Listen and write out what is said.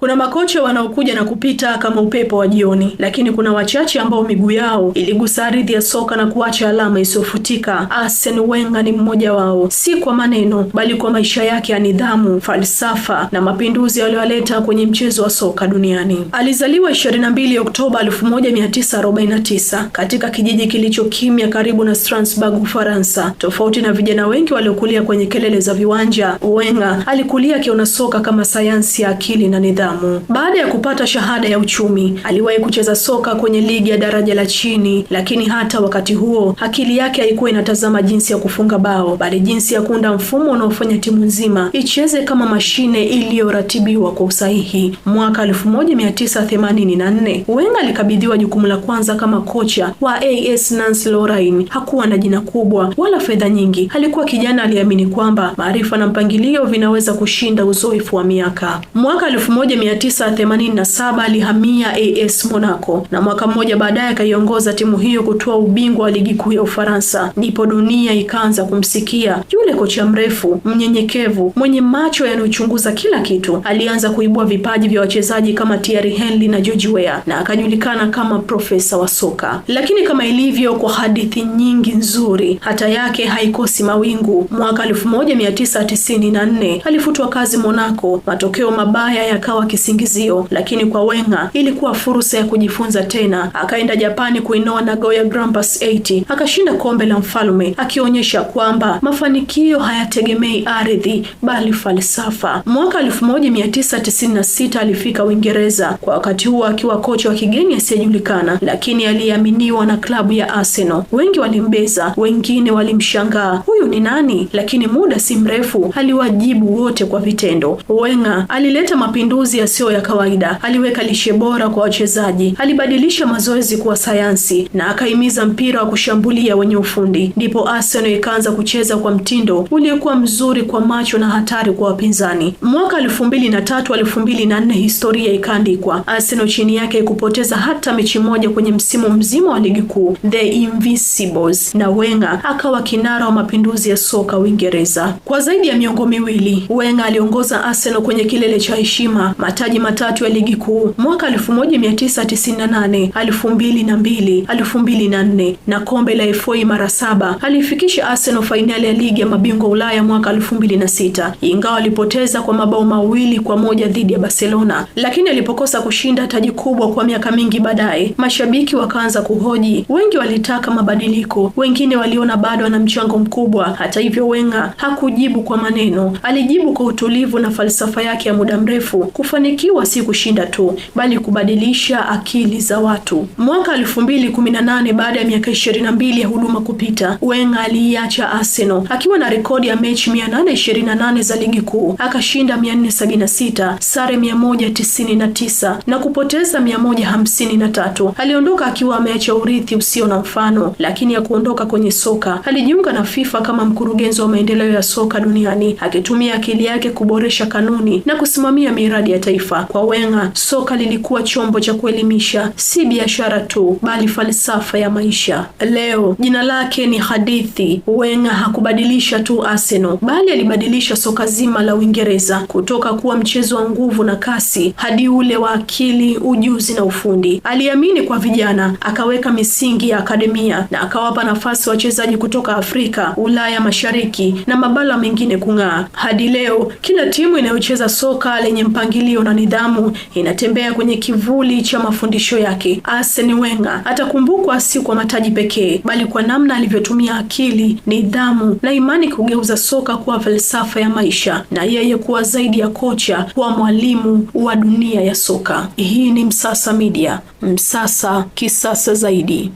Kuna makocha wanaokuja na kupita kama upepo wa jioni, lakini kuna wachache ambao miguu yao iligusa ardhi ya soka na kuacha alama isiyofutika. Arsene Wenger ni mmoja wao, si kwa maneno, bali kwa maisha yake ya nidhamu, falsafa na mapinduzi aliyoleta kwenye mchezo wa soka duniani. Alizaliwa 22 Oktoba 1949 katika kijiji kilicho kimya karibu na Strasbourg, Ufaransa. Tofauti na vijana wengi waliokulia kwenye kelele za viwanja, Wenger alikulia akiona soka kama sayansi ya akili na nidhamu. Lamu. Baada ya kupata shahada ya uchumi, aliwahi kucheza soka kwenye ligi ya daraja la chini, lakini hata wakati huo akili yake haikuwa inatazama jinsi ya kufunga bao, bali jinsi ya kuunda mfumo unaofanya timu nzima icheze kama mashine iliyoratibiwa kwa usahihi. Mwaka 1984 Wenger alikabidhiwa jukumu la kwanza kama kocha wa AS Nancy Lorraine. Hakuwa na jina kubwa wala fedha nyingi, alikuwa kijana aliamini kwamba maarifa na mpangilio vinaweza kushinda uzoefu wa miaka. Mwaka 1987 alihamia AS Monaco na mwaka mmoja baadaye akaiongoza timu hiyo kutoa ubingwa wa ligi kuu ya Ufaransa. Ndipo dunia ikaanza kumsikia. Yule kocha mrefu, mnyenyekevu, mwenye macho yanayochunguza kila kitu, alianza kuibua vipaji vya wachezaji kama Thierry Henry na George Weah na akajulikana kama profesa wa soka. Lakini kama ilivyo kwa hadithi nyingi nzuri, hata yake haikosi mawingu. Mwaka 1994 alifutwa kazi Monaco, matokeo mabaya yakawa kisingizio, lakini kwa Wenger ilikuwa fursa ya kujifunza tena. Akaenda Japani kuinoa Nagoya Grampus 80 akashinda kombe la mfalme, akionyesha kwamba mafanikio hayategemei ardhi bali falsafa. Mwaka 1996 alifika Uingereza, kwa wakati huo akiwa kocha wa kigeni asiyejulikana, lakini aliyeaminiwa na klabu ya Arsenal. Wengi walimbeza, wengine walimshangaa, huyu ni nani? Lakini muda si mrefu aliwajibu wote kwa vitendo. Wenger alileta mapinduzi yasiyo ya kawaida. Aliweka lishe bora kwa wachezaji, alibadilisha mazoezi kuwa sayansi na akahimiza mpira wa kushambulia wenye ufundi. Ndipo Arsenal ikaanza kucheza kwa mtindo uliokuwa mzuri kwa macho na hatari kwa wapinzani. Mwaka elfu mbili na tatu elfu mbili na nne historia ikaandikwa. Arsenal chini yake ikupoteza hata mechi moja kwenye msimu mzima wa ligi kuu, the Invincibles, na Wenger akawa kinara wa mapinduzi ya soka Uingereza. Kwa zaidi ya miongo miwili, Wenger aliongoza Arsenal kwenye kilele cha heshima mataji matatu ya ligi kuu mwaka 1998, 2002, 2004 na kombe la FA mara saba. Alifikisha Arsenal fainali ya ligi ya mabingwa Ulaya mwaka 2006, ingawa alipoteza kwa mabao mawili kwa moja dhidi ya Barcelona, lakini alipokosa kushinda taji kubwa kwa miaka mingi baadaye, mashabiki wakaanza kuhoji. Wengi walitaka mabadiliko, wengine waliona bado ana mchango mkubwa. Hata hivyo, Wenger hakujibu kwa maneno, alijibu kwa utulivu na falsafa yake ya muda mrefu. Kufanikiwa si kushinda tu, bali kubadilisha akili za watu. Mwaka 2018 baada ya miaka 22 ya huduma kupita, Wenger aliiacha Arsenal akiwa na rekodi ya mechi 828 za ligi kuu, akashinda 476, sare 199 na kupoteza 153. Aliondoka akiwa ameacha urithi usio na mfano, lakini ya kuondoka kwenye soka alijiunga na FIFA kama mkurugenzi wa maendeleo ya soka duniani, akitumia akili yake kuboresha kanuni na kusimamia miradi ya taifa. Kwa wenga soka lilikuwa chombo cha kuelimisha, si biashara tu, bali falsafa ya maisha. Leo jina lake ni hadithi. weng'a hakubadilisha tu Arsenal, bali alibadilisha soka zima la Uingereza, kutoka kuwa mchezo wa nguvu na kasi hadi ule wa akili, ujuzi na ufundi. Aliamini kwa vijana, akaweka misingi ya akademia na akawapa nafasi wachezaji kutoka Afrika, Ulaya Mashariki na mabara mengine kung'aa. Hadi leo kila timu inayocheza soka lenye mpangilio iliyo na nidhamu inatembea kwenye kivuli cha mafundisho yake. Arsene Wenger atakumbukwa si kwa mataji pekee, bali kwa namna alivyotumia akili, nidhamu na imani kugeuza soka kuwa falsafa ya maisha, na yeye kuwa zaidi ya kocha, kuwa mwalimu wa dunia ya soka. Hii ni Msasa Media, Msasa kisasa zaidi.